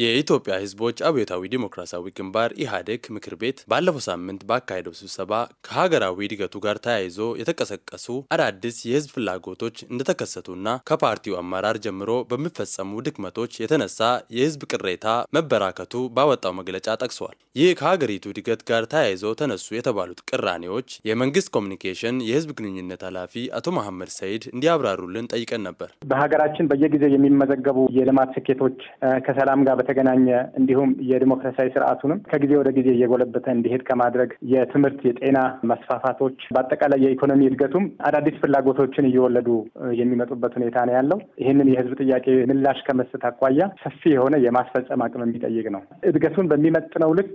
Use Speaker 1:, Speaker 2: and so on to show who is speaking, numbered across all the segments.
Speaker 1: የኢትዮጵያ ሕዝቦች አብዮታዊ ዲሞክራሲያዊ ግንባር ኢህአዴግ ምክር ቤት ባለፈው ሳምንት ባካሄደው ስብሰባ ከሀገራዊ እድገቱ ጋር ተያይዞ የተቀሰቀሱ አዳዲስ የህዝብ ፍላጎቶች እንደተከሰቱና ከፓርቲው አመራር ጀምሮ በሚፈጸሙ ድክመቶች የተነሳ የህዝብ ቅሬታ መበራከቱ ባወጣው መግለጫ ጠቅሷል። ይህ ከሀገሪቱ እድገት ጋር ተያይዞ ተነሱ የተባሉት ቅራኔዎች የመንግስት ኮሚኒኬሽን የህዝብ ግንኙነት ኃላፊ አቶ መሐመድ ሰይድ እንዲያብራሩልን ጠይቀን ነበር።
Speaker 2: በሀገራችን በየጊዜው የሚመዘገቡ የልማት ስኬቶች ከሰላም ጋር በተገናኘ እንዲሁም የዲሞክራሲያዊ ስርዓቱንም ከጊዜ ወደ ጊዜ እየጎለበተ እንዲሄድ ከማድረግ የትምህርት፣ የጤና መስፋፋቶች፣ በአጠቃላይ የኢኮኖሚ እድገቱም አዳዲስ ፍላጎቶችን እየወለዱ የሚመጡበት ሁኔታ ነው ያለው። ይህንን የህዝብ ጥያቄ ምላሽ ከመስጠት አኳያ ሰፊ የሆነ የማስፈጸም አቅም የሚጠይቅ ነው። እድገቱን በሚመጥነው ልክ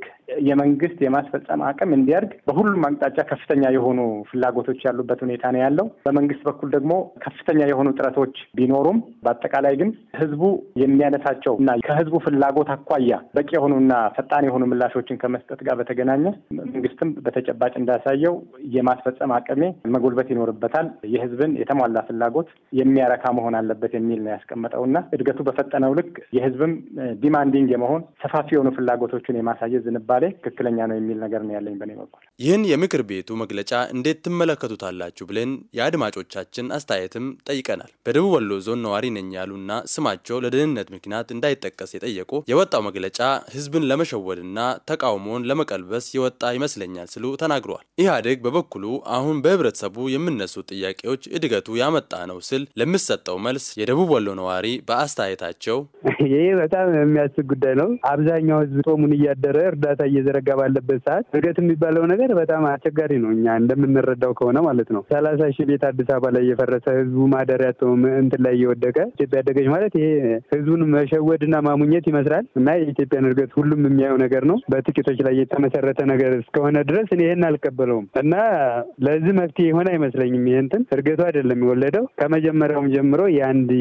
Speaker 2: የመንግስት የማስፈጸም አቅም እንዲያድግ በሁሉም አቅጣጫ ከፍተኛ የሆኑ ፍላጎቶች ያሉበት ሁኔታ ነው ያለው። በመንግስት በኩል ደግሞ ከፍተኛ የሆኑ ጥረቶች ቢኖሩም በአጠቃላይ ግን ህዝቡ የሚያነሳቸው እና ከህዝቡ ፍላ ፍላጎት አኳያ በቂ የሆኑና ፈጣን የሆኑ ምላሾችን ከመስጠት ጋር በተገናኘ መንግስትም በተጨባጭ እንዳሳየው የማስፈጸም አቅሜ መጎልበት ይኖርበታል። የህዝብን የተሟላ ፍላጎት የሚያረካ መሆን አለበት የሚል ነው ያስቀመጠውና እድገቱ በፈጠነው ልክ የህዝብም ዲማንዲንግ የመሆን ሰፋፊ የሆኑ ፍላጎቶችን የማሳየት ዝንባሌ ትክክለኛ ነው የሚል ነገር ነው ያለኝ በኔ በኩል።
Speaker 1: ይህን የምክር ቤቱ መግለጫ እንዴት ትመለከቱታላችሁ ብለን የአድማጮቻችን አስተያየትም ጠይቀናል። በደቡብ ወሎ ዞን ነዋሪ ነኝ ያሉና ስማቸው ለደህንነት ምክንያት እንዳይጠቀስ የጠየቁ ሲጠየቁ የወጣው መግለጫ ህዝብን ለመሸወድና ተቃውሞውን ለመቀልበስ የወጣ ይመስለኛል ሲሉ ተናግረዋል። ኢህአዴግ በበኩሉ አሁን በህብረተሰቡ የሚነሱ ጥያቄዎች እድገቱ ያመጣ ነው ስል ለሚሰጠው መልስ የደቡብ ወሎ ነዋሪ በአስተያየታቸው
Speaker 3: ይህ በጣም የሚያስብ ጉዳይ ነው። አብዛኛው ህዝብ ጦሙን እያደረ እርዳታ እየዘረጋ ባለበት ሰዓት እድገት የሚባለው ነገር በጣም አስቸጋሪ ነው። እኛ እንደምንረዳው ከሆነ ማለት ነው። ሰላሳ ሺህ ቤት አዲስ አበባ ላይ የፈረሰ ህዝቡ ማደሪያ እንትን ላይ እየወደቀ ኢትዮጵያ ያደገች ማለት ይሄ ህዝቡን መሸወድና ማሙኘት ይመስላል እና የኢትዮጵያን እድገት ሁሉም የሚያየው ነገር ነው። በጥቂቶች ላይ የተመሰረተ ነገር እስከሆነ ድረስ እኔ ይህን አልቀበለውም እና ለዚህ መፍትሄ የሆነ አይመስለኝም። ይህንትን እድገቱ አይደለም የወለደው ከመጀመሪያውም ጀምሮ የአንድ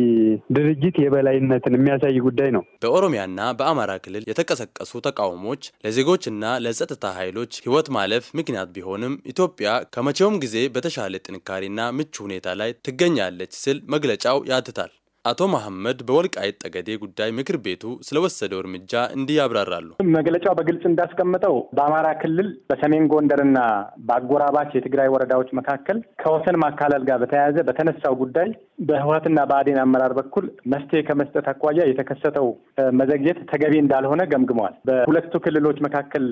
Speaker 3: ድርጅት የበላይነትን የሚያሳይ ጉዳይ ነው።
Speaker 1: በኦሮሚያና በአማራ ክልል የተቀሰቀሱ ተቃውሞች ለዜጎችና ለጸጥታ ኃይሎች ህይወት ማለፍ ምክንያት ቢሆንም ኢትዮጵያ ከመቼውም ጊዜ በተሻለ ጥንካሬና ምቹ ሁኔታ ላይ ትገኛለች ሲል መግለጫው ያትታል። አቶ መሐመድ በወልቃይት ጠገዴ ጉዳይ ምክር ቤቱ ስለወሰደው እርምጃ እንዲህ ያብራራሉ።
Speaker 2: መግለጫው በግልጽ እንዳስቀመጠው በአማራ ክልል በሰሜን ጎንደርና በአጎራባች የትግራይ ወረዳዎች መካከል ከወሰን ማካለል ጋር በተያያዘ በተነሳው ጉዳይ በህወሓትና በአዴን አመራር በኩል መፍትሄ ከመስጠት አኳያ የተከሰተው መዘግየት ተገቢ እንዳልሆነ ገምግመዋል። በሁለቱ ክልሎች መካከል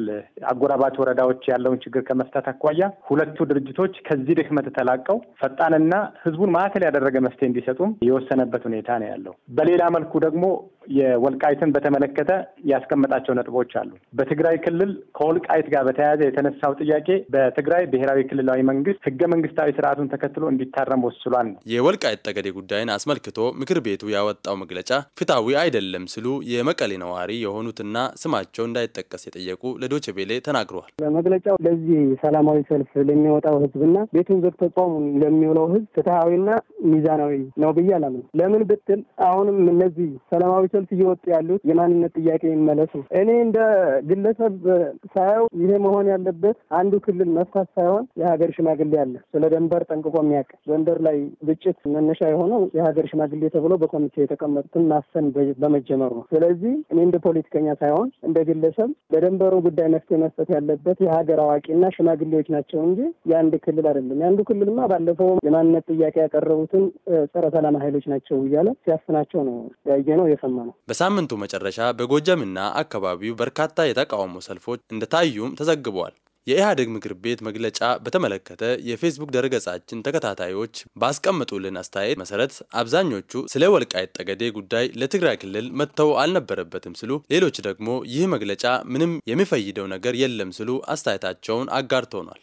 Speaker 2: አጎራባች ወረዳዎች ያለውን ችግር ከመፍታት አኳያ ሁለቱ ድርጅቶች ከዚህ ድክመት ተላቀው ፈጣንና ህዝቡን ማዕከል ያደረገ መፍትሄ እንዲሰጡም የወሰነበት ሁኔታ ሁኔታ ነው ያለው። በሌላ መልኩ ደግሞ የወልቃይትን በተመለከተ ያስቀመጣቸው ነጥቦች አሉ። በትግራይ ክልል ከወልቃይት ጋር በተያያዘ የተነሳው ጥያቄ በትግራይ ብሔራዊ ክልላዊ መንግስት ህገ መንግስታዊ ስርዓቱን ተከትሎ እንዲታረም ወስሏል ነው።
Speaker 1: የወልቃይት ጠገዴ ጉዳይን አስመልክቶ ምክር ቤቱ ያወጣው መግለጫ ፍትሐዊ አይደለም ሲሉ የመቀሌ ነዋሪ የሆኑትና ስማቸው እንዳይጠቀስ የጠየቁ ለዶቼ ቬሌ ተናግረዋል።
Speaker 4: በመግለጫው ለዚህ ሰላማዊ ሰልፍ ለሚወጣው ህዝብና ቤቱን ዘግቶ ጾሙን ለሚውለው ህዝብ ፍትሐዊና ሚዛናዊ ነው ብዬ አላምንም። ለምን ብትል አሁንም እነዚህ ሰላማዊ ሰልፍ እየወጡ ያሉት የማንነት ጥያቄ ይመለሱ እኔ እንደ ግለሰብ ሳየው ይሄ መሆን ያለበት አንዱ ክልል መፍታት ሳይሆን የሀገር ሽማግሌ አለ ስለ ደንበር ጠንቅቆ የሚያውቅ ጎንደር ላይ ግጭት መነሻ የሆነው የሀገር ሽማግሌ ተብሎ በኮሚቴ የተቀመጡትን ማሰን በመጀመሩ ነው። ስለዚህ እኔ እንደ ፖለቲከኛ ሳይሆን እንደ ግለሰብ በደንበሩ ጉዳይ መፍትሄ መስጠት ያለበት የሀገር አዋቂና ሽማግሌዎች ናቸው እንጂ የአንድ ክልል አይደለም። የአንዱ ክልልማ ባለፈው የማንነት ጥያቄ ያቀረቡትን ጸረ ሰላም ኃይሎች ናቸው እያለ ሲያፍናቸው ነው ያየ ነው ነው።
Speaker 1: በሳምንቱ መጨረሻ በጎጃምና አካባቢው በርካታ የተቃውሞ ሰልፎች እንደታዩም ተዘግበዋል። የኢህአዴግ ምክር ቤት መግለጫ በተመለከተ የፌስቡክ ድረገጻችን ተከታታዮች ባስቀምጡልን አስተያየት መሰረት አብዛኞቹ ስለ ወልቃይት ጠገዴ ጉዳይ ለትግራይ ክልል መጥተው አልነበረበትም ሲሉ፣ ሌሎች ደግሞ ይህ መግለጫ ምንም የሚፈይደው ነገር የለም ሲሉ አስተያየታቸውን አጋርተውናል።